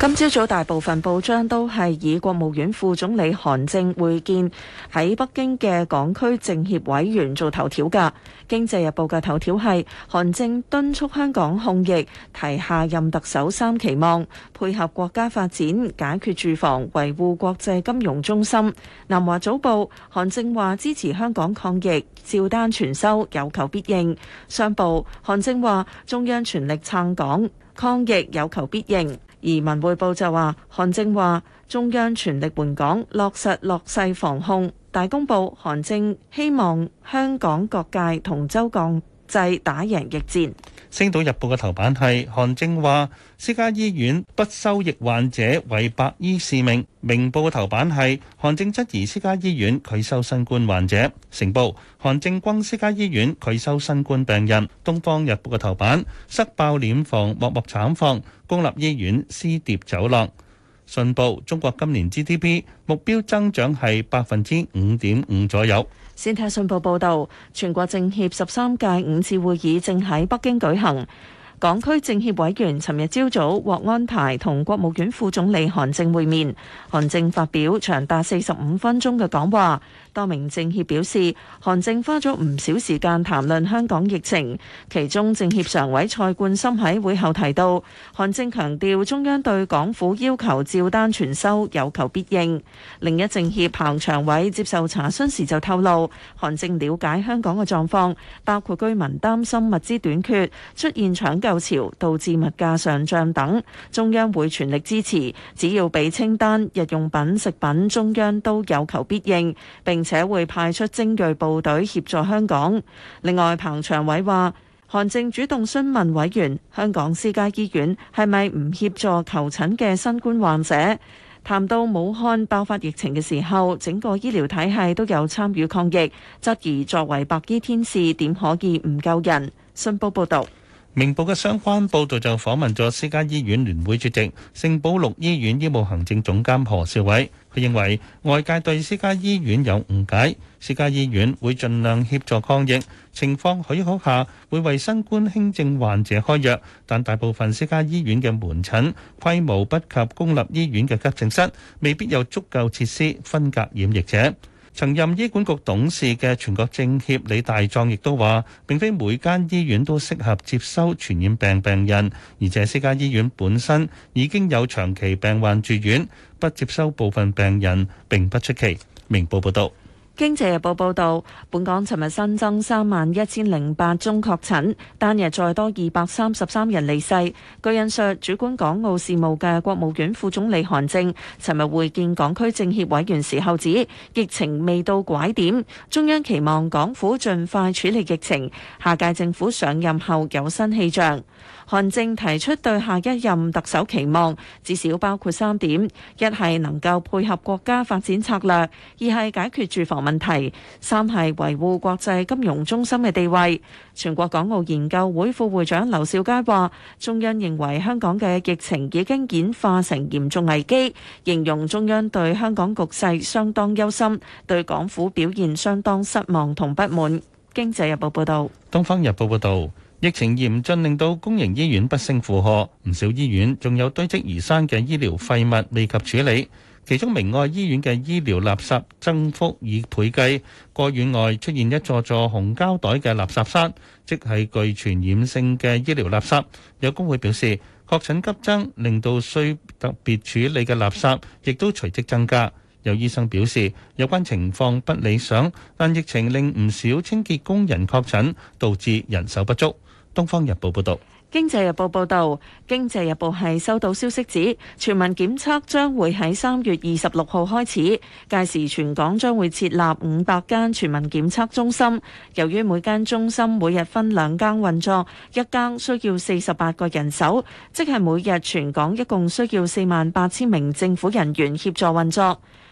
今朝早大部分報章都係以國務院副總理韓正會見喺北京嘅港區政協委員做頭條㗎。經濟日報嘅頭條係韓正敦促香港控疫，提下任特首三期望，配合國家發展，解決住房，維護國際金融中心。南華早報，韓正話支持香港抗疫，照單全收，有求必應。商報，韓正話中央全力撐港抗疫，有求必應。而《文匯報》就話，韓正話中央全力援港，落實落細防控。大公報。韓正希望香港各界同州港制打贏疫戰。星島日報嘅頭版係韓正話，私家醫院不收疫患者為白衣使命。明報嘅頭版係韓正質疑私家醫院拒收新冠患者。成報，韓正轟私家醫院拒收新冠病人。東方日報嘅頭版塞爆殮房幕幕慘況，公立醫院屍疊走廊。信報：中國今年 GDP 目標增長係百分之五點五左右。先睇信報報導，全國政協十三屆五次會議正喺北京舉行。港區政協委員尋日朝早獲安排同國務院副總理韓正會面，韓正發表長達四十五分鐘嘅講話。多名政協表示，韓正花咗唔少時間談論香港疫情。其中政協常委蔡冠深喺會後提到，韓正強調中央對港府要求照單全收，有求必應。另一政協彭長偉接受查詢時就透露，韓正了解香港嘅狀況，包括居民擔心物資短缺、出現搶購潮導致物價上漲等，中央會全力支持。只要俾清單，日用品、食品，中央都有求必應，並且會派出精銳部隊協助香港。另外，彭長偉話：韓正主動詢問委員，香港私家醫院係咪唔協助求診嘅新冠患者？談到武漢爆發疫情嘅時候，整個醫療體系都有參與抗疫，質疑作為白衣天使，點可以唔救人？信報報道。明報嘅相關報導就訪問咗私家醫院聯會主席聖保祿醫院醫務行政總監何兆煒，佢認為外界對私家醫院有誤解，私家醫院會盡量協助抗疫，情況許可下會為新冠輕症患者開藥，但大部分私家醫院嘅門診規模不及公立醫院嘅急症室，未必有足夠設施分隔染疫者。曾任醫管局董事嘅全國政協李大壯亦都話並非每間醫院都適合接收傳染病病人，而且這四間醫院本身已經有長期病患住院，不接收部分病人並不出奇。明報報道。《經濟日報》報導，本港尋日新增三萬一千零八宗確診，單日再多二百三十三人離世。據引述主管港澳事務嘅國務院副總理韓正尋日會見港區政協委員時候指，疫情未到拐點，中央期望港府盡快處理疫情，下屆政府上任後有新氣象。韓正提出對下一任特首期望，至少包括三點：一係能夠配合國家發展策略；二係解決住房問題。三係維護國際金融中心嘅地位。全國港澳研究會副會長劉兆佳話：中央認為香港嘅疫情已經演化成嚴重危機，形容中央對香港局勢相當憂心，對港府表現相當失望同不滿。經濟日報報道。東方日報報道，疫情嚴峻令到公營醫院不勝負荷，唔少醫院仲有堆積如山嘅醫療廢物未及處理。其中明愛醫院嘅醫療垃圾增幅以倍計，個院外出現一座座紅膠袋嘅垃圾山，即係具傳染性嘅醫療垃圾。有工會表示，確診急增令到需特別處理嘅垃圾亦都隨即增加。有醫生表示，有關情況不理想，但疫情令唔少清潔工人確診，導致人手不足。《東方日報》報道。經濟日報報道，經濟日報係收到消息指，全民檢測將會喺三月二十六號開始，屆時全港將會設立五百間全民檢測中心。由於每間中心每日分兩間運作，一間需要四十八個人手，即係每日全港一共需要四萬八千名政府人員協助運作。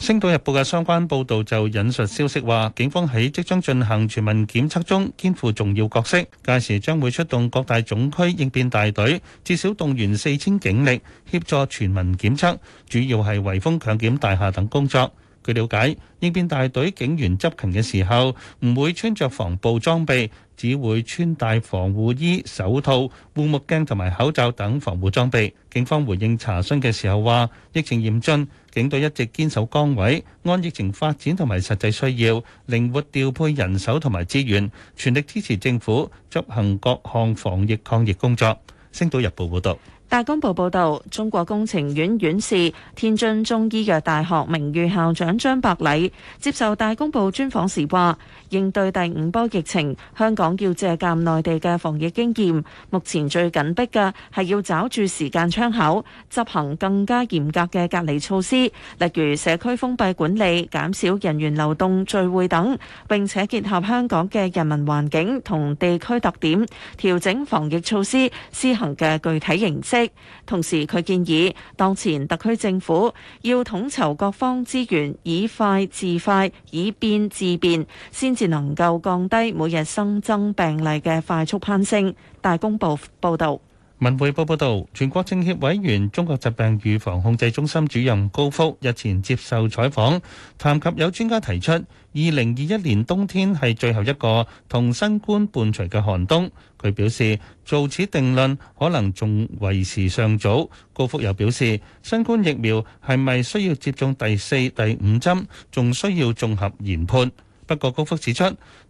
星島日報嘅相關報道就引述消息話，警方喺即將進行全民檢測中肩負重要角色，屆時將會出動各大總區應變大隊，至少動員四千警力協助全民檢測，主要係圍封、強檢大廈等工作。據了解，應變大隊警員執勤嘅時候，唔會穿着防暴裝備，只會穿戴防護衣、手套、護目鏡同埋口罩等防護裝備。警方回應查詢嘅時候話，疫情嚴峻，警隊一直堅守崗位，按疫情發展同埋實際需要，靈活調配人手同埋資源，全力支持政府執行各項防疫抗疫工作。星島日報報道。大公報報導，中國工程院院士、天津中醫藥大學名譽校長張伯禮接受大公報專訪時話：應對第五波疫情，香港要借鑑內地嘅防疫經驗。目前最緊迫嘅係要抓住時間窗口，執行更加嚴格嘅隔離措施，例如社區封閉管理、減少人員流動、聚會等，並且結合香港嘅人文環境同地區特點，調整防疫措施施行嘅具體形式。同時，佢建議當前特區政府要統籌各方資源，以快制快，以變制變，先至能夠降低每日新增病例嘅快速攀升。大公報報道。文匯報報道，全國政協委員、中國疾病預防控制中心主任高福日前接受採訪，談及有專家提出，二零二一年冬天係最後一個同新冠伴隨嘅寒冬。佢表示，做此定論可能仲為時尚早。高福又表示，新冠疫苗係咪需要接種第四、第五針，仲需要綜合研判。不過，高福指出，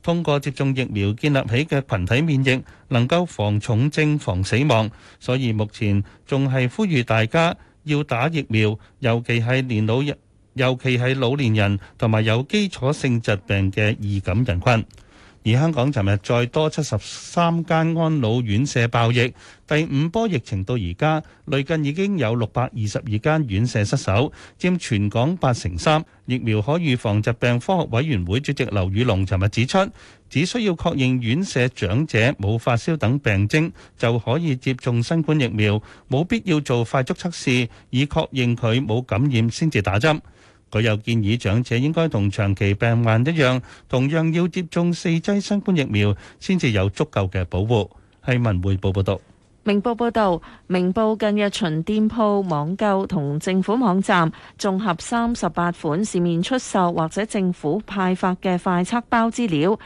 通過接種疫苗建立起嘅群體免疫，能夠防重症、防死亡，所以目前仲係呼籲大家要打疫苗，尤其係年老人、尤其係老年人同埋有基礎性疾病嘅易感人群。而香港尋日再多七十三間安老院舍爆疫。第五波疫情到而家，累近已經有六百二十二間院舍失守，佔全港八成三。疫苗可預防疾病科學委員會主席劉宇龍尋日指出，只需要確認院舍長者冇發燒等病徵，就可以接種新冠疫苗，冇必要做快速測試，以確認佢冇感染先至打針。佢又建議長者應該同長期病患一樣，同樣要接種四劑新冠疫苗，先至有足夠嘅保護。係文匯報報道。明報報道，明報近日巡店鋪、網購同政府網站，綜合三十八款市面出售或者政府派發嘅快測包資料。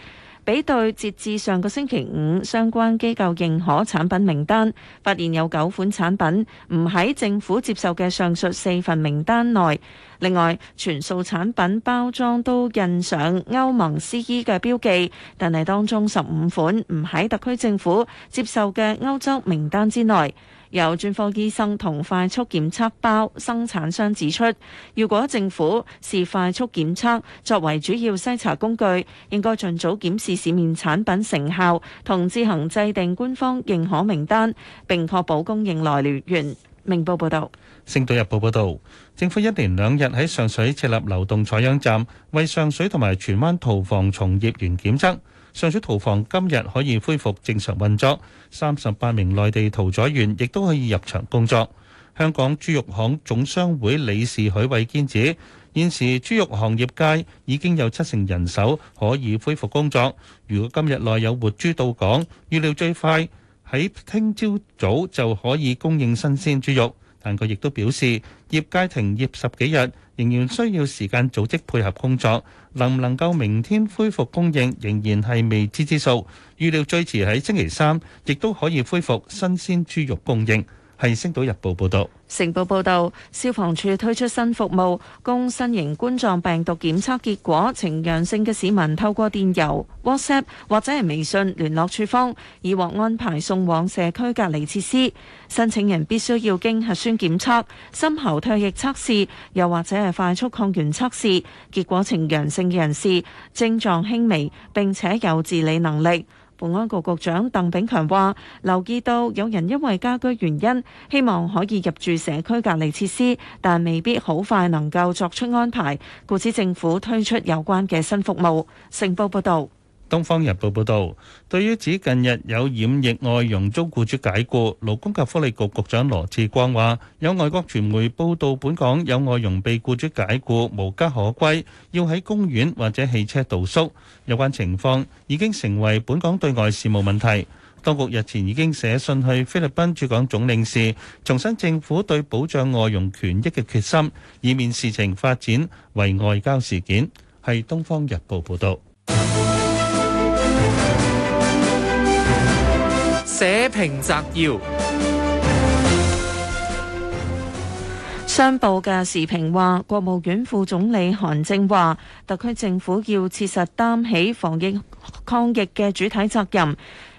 比對截至上個星期五相關機構認可產品名單，發現有九款產品唔喺政府接受嘅上述四份名單內。另外，全數產品包裝都印上歐盟 CE 嘅標記，但係當中十五款唔喺特區政府接受嘅歐洲名單之內。有專科醫生同快速檢測包生產商指出，如果政府視快速檢測作為主要篩查工具，應該盡早檢視市面產品成效，同自行制定官方認可名單，並確保供應來源。明報報道。《星島日報》報道，政府一連兩日喺上水設立流動採樣站，為上水同埋荃灣屠房從業員檢測。上水屠房今日可以恢復正常運作，三十八名內地屠宰員亦都可以入場工作。香港豬肉行總商會理事許偉堅指，現時豬肉行業界已經有七成人手可以恢復工作。如果今日內有活豬到港，預料最快喺聽朝早就可以供應新鮮豬肉。但佢亦都表示，業界停業十幾日，仍然需要時間組織配合工作，能唔能夠明天恢復供應仍然係未知之數，預料最遲喺星期三，亦都可以恢復新鮮豬肉供應。係《星島日報》報道，成報報道，消防處推出新服務，供新型冠狀病毒檢測結果呈陽性嘅市民透過電郵、WhatsApp 或者係微信聯絡處方，以獲安排送往社區隔離設施。申請人必須要經核酸檢測、深喉唾液測試，又或者係快速抗原測試，結果呈陽性嘅人士，症狀輕微，並且有自理能力。保安局局長鄧炳強話：留意到有人因為家居原因，希望可以入住社區隔離設施，但未必好快能夠作出安排，故此政府推出有關嘅新服務。成報報道。《東方日報》報導，對於指近日有染疫外傭遭雇主解雇，勞工及福利局局長羅致光話：有外國傳媒報道，本港有外傭被雇主解雇，無家可歸，要喺公園或者汽車度宿。有關情況已經成為本港對外事務問題。當局日前已經寫信去菲律賓駐港總領事，重申政府對保障外傭權益嘅決心，以免事情發展為外交事件。係《東方日報》報導。社評摘要，商報嘅時評話，國務院副總理韓正話，特區政府要切實擔起防疫抗疫嘅主體責任，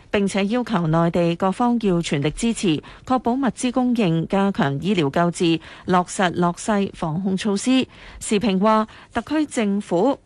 並且要求內地各方要全力支持，確保物資供應，加強醫療救治，落實落細防控措施。時評話，特區政府。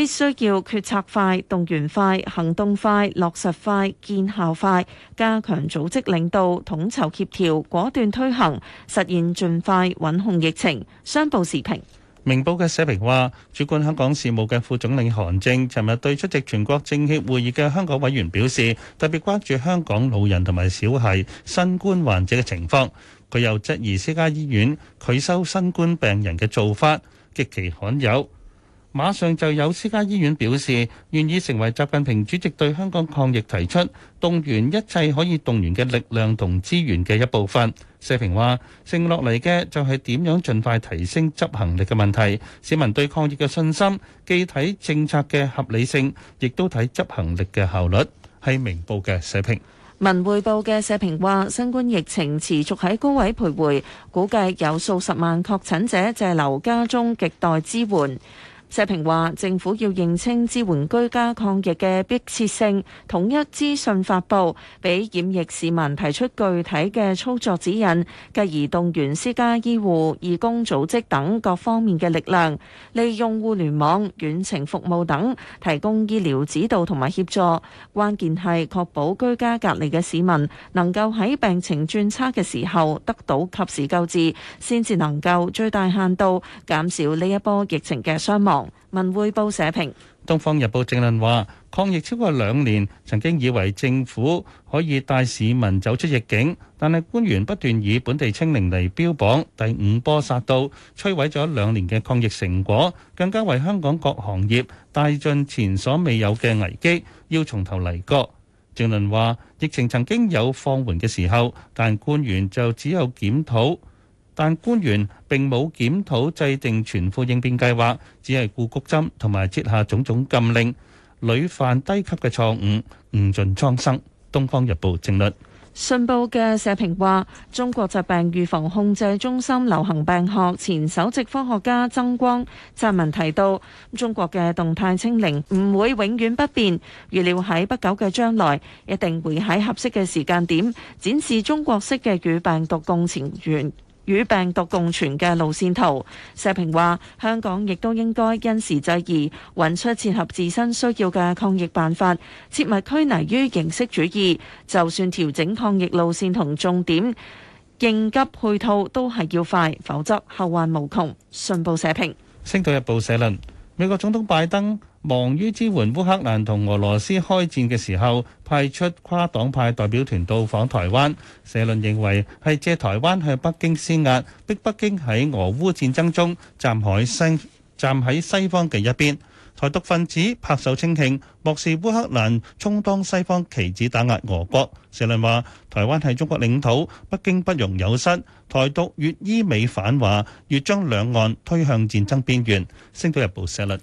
必須要決策快、動員快、行動快、落實快、見效快，加強組織領導、統籌協調、果斷推行，實現盡快穩控疫情。商報時評：明報嘅社評話，主管香港事務嘅副總理韓正，尋日對出席全國政協會議嘅香港委員表示，特別關注香港老人同埋小孩新冠患者嘅情況。佢又質疑私家醫院拒收新冠病人嘅做法極其罕有。馬上就有私家醫院表示願意成為習近平主席對香港抗疫提出動員一切可以動員嘅力量同資源嘅一部分。社評話：剩落嚟嘅就係點樣盡快提升執行力嘅問題。市民對抗疫嘅信心，既睇政策嘅合理性，亦都睇執行力嘅效率。係明報嘅社評。文匯報嘅社評話：新冠疫情持續喺高位徘徊，估計有數十萬確診者滯留家中，極待支援。社評話：政府要認清支援居家抗疫嘅迫切性，統一資訊發布，俾染疫市民提出具體嘅操作指引，繼而動員私家醫護、義工組織等各方面嘅力量，利用互聯網、遠程服務等提供醫療指導同埋協助。關鍵係確保居家隔離嘅市民能夠喺病情轉差嘅時候得到及時救治，先至能夠最大限度減少呢一波疫情嘅傷亡。文匯報社評：東方日報正論話，抗疫超過兩年，曾經以為政府可以帶市民走出逆境，但係官員不斷以本地清零嚟標榜，第五波殺到，摧毀咗兩年嘅抗疫成果，更加為香港各行業帶進前所未有嘅危機，要從頭嚟過。正論話，疫情曾經有放緩嘅時候，但官員就只有檢討。但官員並冇檢討制定全副應變計劃，只係顧谷針同埋設下種種禁令，屢犯低級嘅錯誤，誤盡蒼生。《東方日報》正論。信報嘅社評話：中國疾病預防控制中心流行病學前首席科學家曾光撰文提到，中國嘅動態清零唔會永遠不變，預料喺不久嘅將來一定會喺合適嘅時間點展示中國式嘅與病毒共存。與病毒共存嘅路線圖，社評話香港亦都應該因時制宜，揾出切合自身需要嘅抗疫辦法，切勿拘泥於形式主義。就算調整抗疫路線同重點，應急配套都係要快，否則後患無窮。信報社評，《星島日報》社論：美國總統拜登。忙於支援烏克蘭同俄羅斯開戰嘅時候，派出跨黨派代表團到訪台灣。社論認為係借台灣向北京施壓，逼北京喺俄烏戰爭中站喺西站喺西方嘅一邊，台獨分子拍手稱慶，漠視烏克蘭充當西方棋子打壓俄國。社論話台灣係中國領土，北京不容有失。台獨越依美反華，越將兩岸推向戰爭邊緣。星島日報社論。